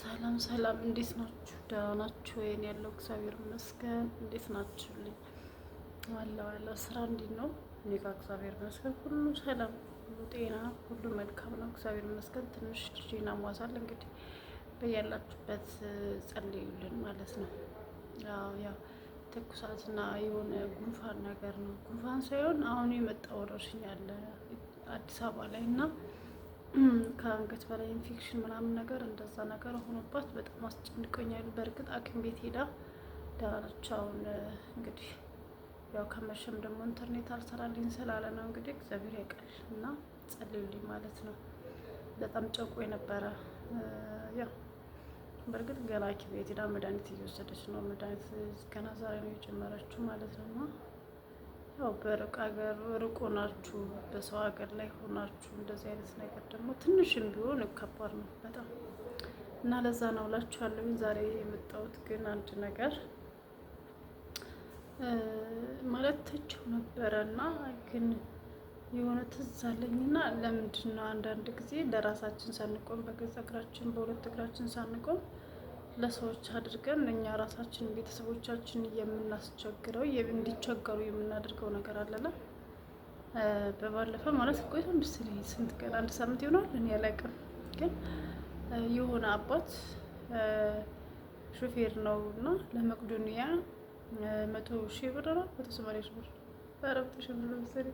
ሰላም ሰላም፣ እንዴት ናችሁ? ደህና ናችሁ? ወይን ያለው እግዚአብሔር ይመስገን። እንዴት ናችሁልኝ? ዋላ ዋላ ስራ እንዴት ነው? እኔ ጋር እግዚአብሔር ይመስገን ሁሉ ሰላም፣ ሁሉ ጤና፣ ሁሉ መልካም ነው። እግዚአብሔር ይመስገን። ትንሽ ልጅና ሟሳል እንግዲህ በያላችሁበት ጸልዩልን ማለት ነው። ያው ያው ትኩሳትና የሆነ ጉንፋን ነገር ነው። ጉንፋን ሳይሆን አሁን የመጣ ወረርሽኝ አለ አዲስ አበባ ላይ እና ከአንገት በላይ ኢንፌክሽን ምናምን ነገር እንደዛ ነገር ሆኖባት በጣም አስጨንቀኛል። በእርግጥ ሐኪም ቤት ሄዳ ደህና አሁን እንግዲህ ያው ከመሸም ደግሞ ኢንተርኔት አልሰራልኝ ስላለ ነው እንግዲህ እግዚአብሔር ያውቃል እና ጸልዩልኝ ማለት ነው። በጣም ጨቆ የነበረ ያው በእርግጥ ገና ሐኪም ቤት ሄዳ መድኃኒት እየወሰደች ነው። መድኃኒት ገና ዛሬ ነው የጀመረችው ማለት ነው። ያው በሩቅ ሀገር ርቆ ናችሁ በሰው ሀገር ላይ ሆናችሁ እንደዚህ አይነት ነገር ደግሞ ትንሽም ቢሆን ከባድ ነው በጣም እና ለዛ ነው እላችኋለሁኝ ዛሬ የመጣሁት። ግን አንድ ነገር ማለት ተቸው ነበረ እና ግን የሆነ ትዝ አለኝና ለምንድን ነው አንዳንድ ጊዜ ለራሳችን ሳንቆም በገዛ እግራችን በሁለት እግራችን ሳንቆም ለሰዎች አድርገን እኛ ራሳችን ቤተሰቦቻችን የምናስቸግረው እንዲቸገሩ የምናደርገው ነገር አለና በባለፈ ማለት ቆይቶ ስንት ቀን አንድ ሳምንት ይሆናል እኔ አላውቅም፣ ግን የሆነ አባት ሹፌር ነው እና ለመቄዶንያ መቶ ሺህ ብር ነው መቶ ሰማንያ ሺህ ብር አረብቶ ሺህ ብር ለምሳሌ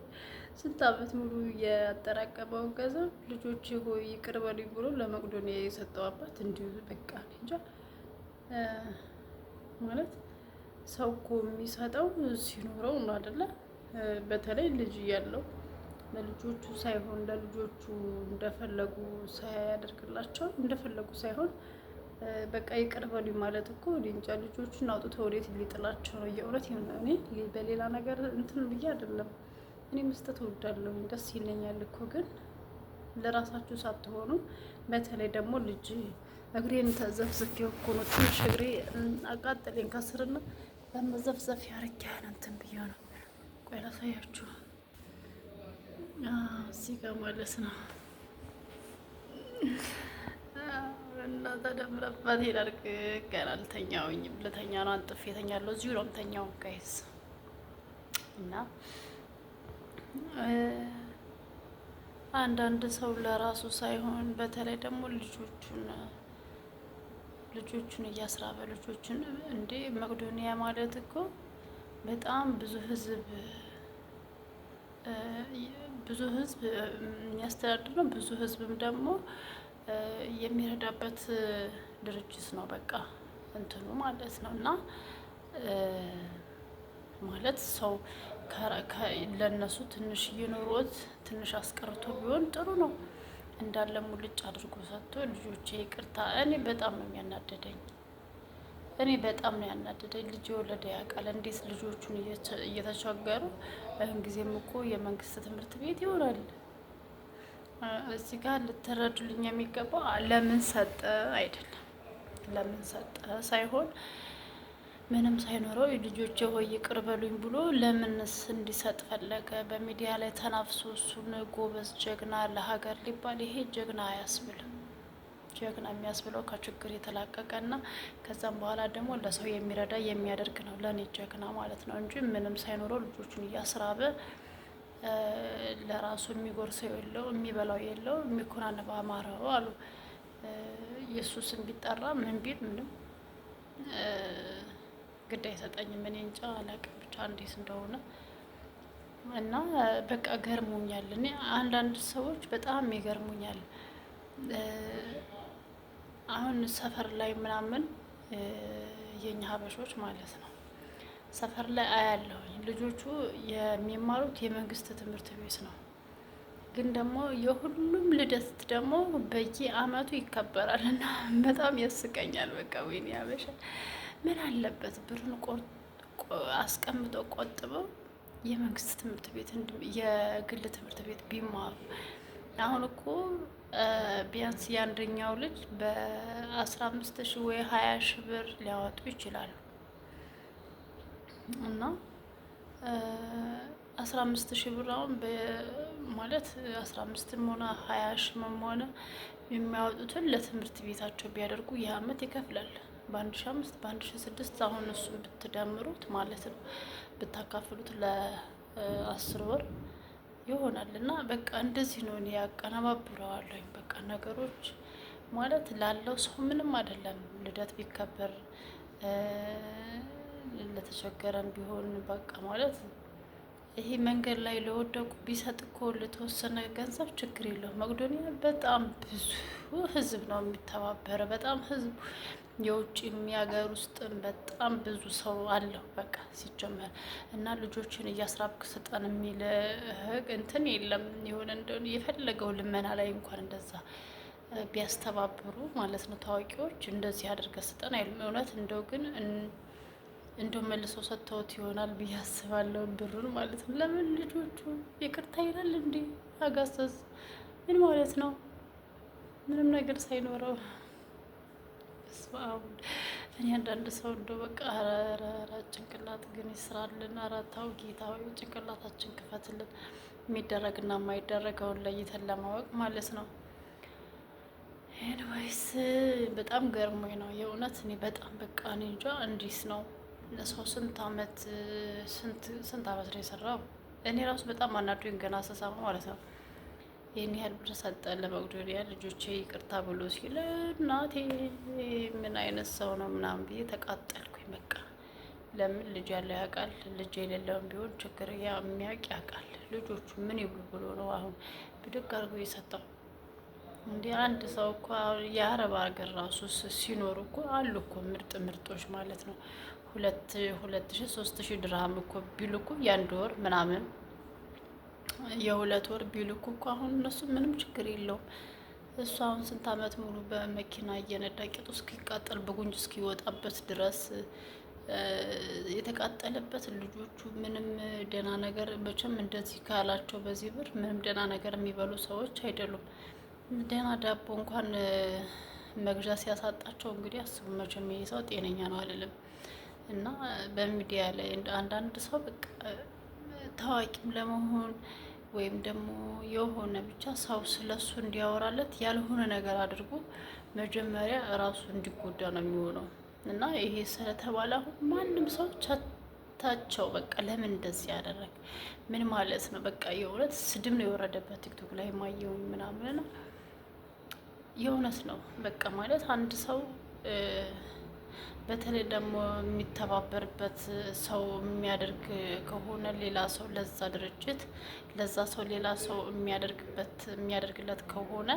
ስንት አመት ሙሉ ያጠራቀመውን ገንዘብ ልጆች ሆይ ይቅር በሉኝ ብሎ ለመቅዶንያ የሰጠው አባት እንዲሁ በቃ እንጃ ማለት ሰው እኮ የሚሰጠው ሲኖረው ነው አደለ? በተለይ ልጅ እያለው ለልጆቹ ሳይሆን ለልጆቹ እንደፈለጉ ሳያደርግላቸው እንደፈለጉ ሳይሆን በቃ ይቅር በሉኝ ማለት እኮ እንጃ ልጆቹን አውጥቶ ወዴት ሊጥላቸው ነው? የእውነት እኔ በሌላ ነገር እንትን ብዬ አይደለም። እኔ መስጠት እወዳለሁ፣ ደስ ይለኛል እኮ ግን ለራሳችሁ ሳትሆኑ በተለይ ደግሞ ልጅ እግሬን ተዘፍዝፌው እኮ ነው ትንሽ እግሬ አቃጠለኝ ከስርና በመዘፍዘፍ ያርግ እንትን ብዬ ነው። ቆይ ላሳያችሁ እዚህ ጋር ማለት ነው እና ተደምረበት ሄዳርግ ገና አልተኛውኝም። ልተኛ ነው አንጥፌ የተኛለሁ። እዚሁ ነው የምተኛው ጋይዝ እና አንዳንድ ሰው ለራሱ ሳይሆን በተለይ ደግሞ ልጆቹን ልጆቹን እያስራበ ልጆቹን እንዴ መቅዶኒያ ማለት እኮ በጣም ብዙ ህዝብ ብዙ ህዝብ የሚያስተዳድር ነው። ብዙ ህዝብም ደግሞ የሚረዳበት ድርጅት ነው። በቃ እንትኑ ማለት ነው እና ማለት ሰው ለእነሱ ትንሽ እየኖሮት ትንሽ አስቀርቶ ቢሆን ጥሩ ነው። እንዳለ ሙልጭ አድርጎ ሰጥቶ ልጆቼ ይቅርታ። እኔ በጣም ነው የሚያናደደኝ፣ እኔ በጣም ነው ያናደደኝ። ልጅ የወለደ ያውቃል እንዴት ልጆቹን እየተቸገሩ ይህን ጊዜም እኮ የመንግስት ትምህርት ቤት ይሆናል። እዚህ ጋር ልትረዱልኝ የሚገባው ለምን ሰጠ አይደለም፣ ለምን ሰጠ ሳይሆን ምንም ሳይኖረው ልጆቼ ሆይ ይቅር በሉኝ ብሎ ለምንስ እንዲሰጥ ፈለገ? በሚዲያ ላይ ተናፍሶ እሱን ጎበዝ ጀግና ለሀገር ሊባል ይሄ ጀግና አያስብልም። ጀግና የሚያስብለው ከችግር የተላቀቀ እና ከዛም በኋላ ደግሞ ለሰው የሚረዳ የሚያደርግ ነው ለእኔ ጀግና ማለት ነው እንጂ ምንም ሳይኖረው ልጆቹን እያስራበ ለራሱ የሚጎርሰው የለው የሚበላው የለው የሚኮናነብ አማረው አሉ ኢየሱስን ቢጠራ ምን ቢል ምንም ግድ አይሰጠኝም። እኔ እንጃ አላውቅም፣ ብቻ እንዴት እንደሆነ እና በቃ ገርሞኛል። እኔ አንዳንድ ሰዎች በጣም ይገርሙኛል። አሁን ሰፈር ላይ ምናምን የኛ ሀበሾች ማለት ነው ሰፈር ላይ አያለሁኝ ልጆቹ የሚማሩት የመንግስት ትምህርት ቤት ነው። ግን ደግሞ የሁሉም ልደት ደግሞ በየአመቱ ይከበራል እና በጣም ያስቀኛል። በቃ ወይኔ ሀበሻ ምን አለበት ብርን አስቀምጦ ቆጥበው የመንግስት ትምህርት ቤት የግል ትምህርት ቤት ቢማሩ አሁን እኮ ቢያንስ የአንደኛው ልጅ በአስራ አምስት ሺ ወይ ሀያ ሺ ብር ሊያወጡ ይችላሉ እና አስራ አምስት ሺ ብር አሁን ማለት አስራ አምስትም ሆነ ሀያ ሺህም ሆነ የሚያወጡትን ለትምህርት ቤታቸው ቢያደርጉ ይህ አመት ይከፍላል። በአንድ ሺ አምስት በአንድ ሺ ስድስት አሁን እሱን ብትደምሩት ማለት ነው ብታካፍሉት ለአስር ወር ይሆናል እና በቃ እንደዚህ ነው እኔ ያቀነባብረዋለሁኝ። በቃ ነገሮች ማለት ላለው ሰው ምንም አይደለም። ልደት ቢከበር ለተቸገረም ቢሆን በቃ ማለት ይሄ መንገድ ላይ ለወደቁ ቢሰጥ እኮ ለተወሰነ ገንዘብ ችግር የለው። መቅዶኒያ በጣም ብዙ ህዝብ ነው የሚተባበረ። በጣም ህዝብ የውጭ የሚያገር ውስጥም በጣም ብዙ ሰው አለው። በቃ ሲጀመር እና ልጆችን እያስራብክ ስጠን የሚል ህግ እንትን የለም። የሆነ እንደ የፈለገው ልመና ላይ እንኳን እንደዛ ቢያስተባብሩ ማለት ነው ታዋቂዎች እንደዚህ አድርገ ስጠን አይሉም። እውነት እንደው ግን እንዲሁ መልሶ ሰጥተውት ይሆናል ብዬ አስባለሁ፣ ብሩን ማለት ነው። ለምን ልጆቹ ይቅርታ ይላል እንዴ? አጋሰስ ምን ማለት ነው? ምንም ነገር ሳይኖረው እኔ አንዳንድ ሰው እንደ በቃ ረረረ ጭንቅላት ግን ይስራልን። አራታው ጌታ ጭንቅላታችን ክፈትልን፣ የሚደረግና የማይደረገውን ለይተን ለማወቅ ማለት ነው። ኤንዌይስ በጣም ገርሞኝ ነው የእውነት እኔ በጣም በቃ እኔ እንጃ እንዲስ ነው ለሰው ስንት አመት ስንት ስንት አመት ነው የሰራው? እኔ ራሱ በጣም አናዱኝ ገና ስሰማ ማለት ነው። ይህን ያህል ብር ሰጠ ለመቄዶንያ ልጆቼ ይቅርታ ብሎ ሲል እናቴ ምን አይነት ሰው ነው ምናምን ብዬ ተቃጠልኩኝ። በቃ ለምን ልጅ ያለው ያውቃል፣ ልጅ የሌለውን ቢሆን ችግር የሚያውቅ ያውቃል። ልጆቹ ምን ይብሉ ብሎ ነው አሁን ብድግ አድርጎ የሰጠው? እንዲህ አንድ ሰው እኮ የአረብ ሀገር ራሱ ሲኖሩ እኮ አሉ እኮ ምርጥ ምርጦች ማለት ነው ሁለት ሁለት ሺ ሶስት ሺ ድርሃም እኮ ቢልኩ የአንድ ወር ምናምን የሁለት ወር ቢልኩ እኮ አሁን እነሱ ምንም ችግር የለውም። እሱ አሁን ስንት አመት ሙሉ በመኪና እየነዳ ቂጡ እስኪቃጠል በጉንጅ እስኪወጣበት ድረስ የተቃጠለበት ልጆቹ ምንም ደህና ነገር መቼም እንደዚህ ካላቸው በዚህ ብር ምንም ደህና ነገር የሚበሉ ሰዎች አይደሉም። ደህና ዳቦ እንኳን መግዣ ሲያሳጣቸው እንግዲህ አስቡ መቼም ይሄ ሰው ጤነኛ ነው አይደለም። እና በሚዲያ ላይ አንዳንድ ሰው በቃ ታዋቂም ለመሆን ወይም ደግሞ የሆነ ብቻ ሰው ስለሱ እንዲያወራለት ያልሆነ ነገር አድርጎ መጀመሪያ እራሱ እንዲጎዳ ነው የሚሆነው። እና ይሄ ስለተባለ አሁን ማንም ሰው ቻታቸው በቃ ለምን እንደዚህ ያደረግ ምን ማለት ነው? በቃ የእውነት ስድብ ነው የወረደበት ቲክቶክ ላይ ማየው ምናምን የእውነት ነው በቃ ማለት አንድ ሰው በተለይ ደግሞ የሚተባበርበት ሰው የሚያደርግ ከሆነ ሌላ ሰው ለዛ ድርጅት ለዛ ሰው ሌላ ሰው የሚያደርግበት የሚያደርግለት ከሆነ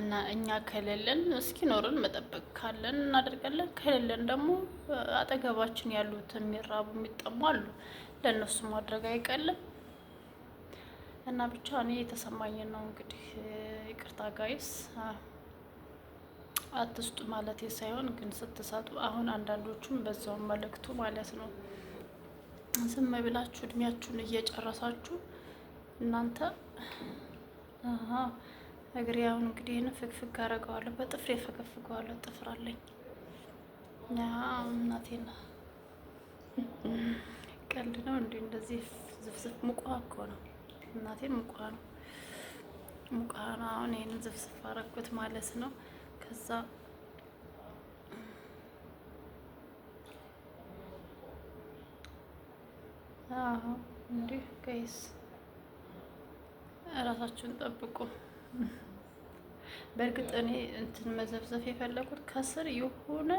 እና እኛ ከሌለን እስኪኖርን መጠበቅ ካለን እናደርጋለን። ከሌለን ደግሞ አጠገባችን ያሉት የሚራቡ የሚጠሙ አሉ፣ ለእነሱ ማድረግ አይቀልም። እና ብቻ እኔ የተሰማኝ ነው እንግዲህ ይቅርታ ጋይስ አትስጡ ማለት ሳይሆን ግን ስትሰጡ አሁን አንዳንዶቹም በዛውን መልእክቱ ማለት ነው ዝም ብላችሁ እድሜያችሁን እየጨረሳችሁ እናንተ እግሬ አሁን እንግዲህ ይህን ፍግፍግ አደርገዋለሁ በጥፍሬ ፈገፍገዋለሁ። ጥፍር አለኝ እናቴና ቀልድ ነው እንዲ እንደዚህ ዝፍዝፍ ሙቋ እኮ ነው እናቴን ሙቋ ነው ሙቋ ነው። አሁን ይህንን ዝፍዝፍ አደረኩት ማለት ነው። ከዛ እንዲህ ጋይስ እራሳችሁን ጠብቁ። በእርግጥ እኔ እንትን መዘፍዘፍ የፈለጉት ከስር የሆነ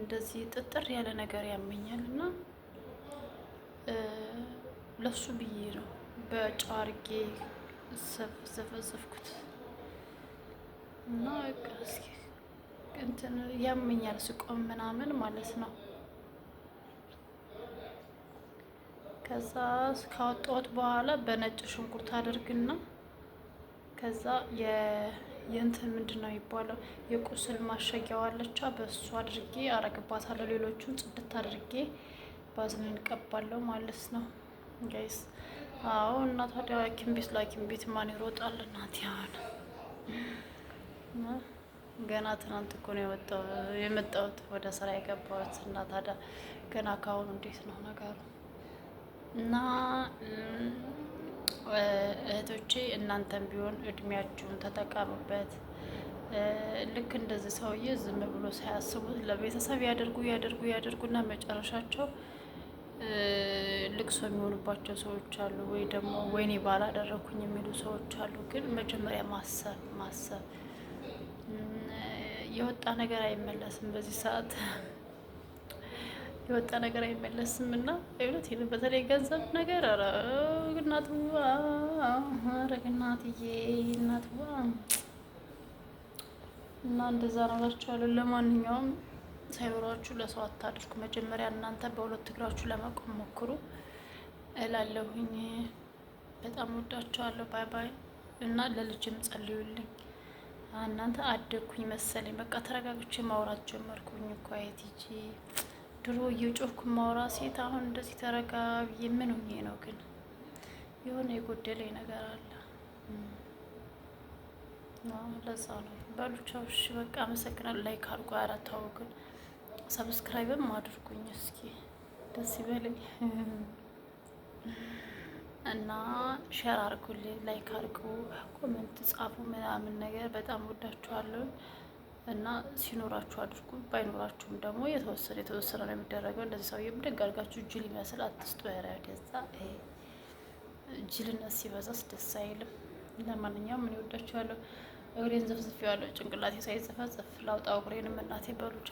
እንደዚህ ጥጥር ያለ ነገር ያመኛል እና ለሱ ብዬ ነው በጨው አድርጌ ዘፈዘፍኩት። እና እስኪ እንትን ያመኛል ስቆም ምናምን ማለት ነው። ከዛ ካወጣሁት በኋላ በነጭ ሽንኩርት አድርግና ከዛ የእንትን ምንድን ነው የሚባለው የቁስል ማሸጊያው አለቻ በሱ አድርጌ አረግባታለሁ። ሌሎቹን ጽድት አድርጌ ባዝሊን እንቀባለው ማለት ነው ጋይስ። አዎ እና ታዲያ ሐኪም ቤት ለሐኪም ቤት ማን ይሮጣል እናት ያሆነ ገና ትናንት እኮ ነው የመጣሁት ወደ ስራ የገባሁት። እና ታዲያ ገና ካሁኑ እንዴት ነው ነገሩ? እና እህቶቼ እናንተም ቢሆን እድሜያችሁን ተጠቀሙበት። ልክ እንደዚህ ሰውዬ ዝም ብሎ ሳያስቡት ለቤተሰብ ያደርጉ ያደርጉ ያደርጉና መጨረሻቸው ልቅሶ የሚሆኑባቸው ሰዎች አሉ። ወይ ደግሞ ወይኔ ባላደረኩኝ የሚሉ ሰዎች አሉ። ግን መጀመሪያ ማሰብ ማሰብ የወጣ ነገር አይመለስም። በዚህ ሰዓት የወጣ ነገር አይመለስም እና እውነት በተለይ ገንዘብ ነገር እናትዋ ረግናትዬ እናት እና እንደዛ ነው እላችኋለሁ። ለማንኛውም ሳይኖራችሁ ለሰው አታድርጉ። መጀመሪያ እናንተ በሁለት እግራችሁ ለመቆም ሞክሩ እላለሁኝ። በጣም ወዳችኋለሁ። ባይ ባይ። እና ለልጅም ጸልዩልኝ። እናንተ አደግኩኝ መሰለኝ። በቃ ተረጋግቼ ማውራት ጀመርኩኝ እኮ አይቲጂ ድሮ እየጮኩ ማውራ ሴት አሁን እንደዚህ ተረጋቢ ምን ሆኜ ነው? ግን የሆነ የጎደለኝ ነገር አለ። ለዛ ነው ባሉቻዎች። በቃ አመሰግናለሁ። ላይክ አድርጎ አረታው ግን ሰብስክራይብም አድርጉኝ እስኪ ደስ ይበለኝ። እና ሸር አርጉልኝ፣ ላይክ አርጉ፣ ኮሜንት ጻፉ ምናምን ነገር በጣም ወዳችኋለሁ። እና ሲኖራችሁ አድርጉ፣ ባይኖራችሁም ደግሞ የተወሰነ የተወሰነ ነው የሚደረገው። እንደዚህ ሰውዬ ደግ አድርጋችሁ ጅል ይመስል አትስጡ። ያረ ገዛ ጅልነት ሲበዛስ ደስ አይልም። ለማንኛውም እኔ ወዳችኋለሁ። እግሬን ዘፍዝፌዋለሁ። ጭንቅላቴ ሳይዘፈዘፍ ላውጣ እግሬንም እናቴ በሉቻ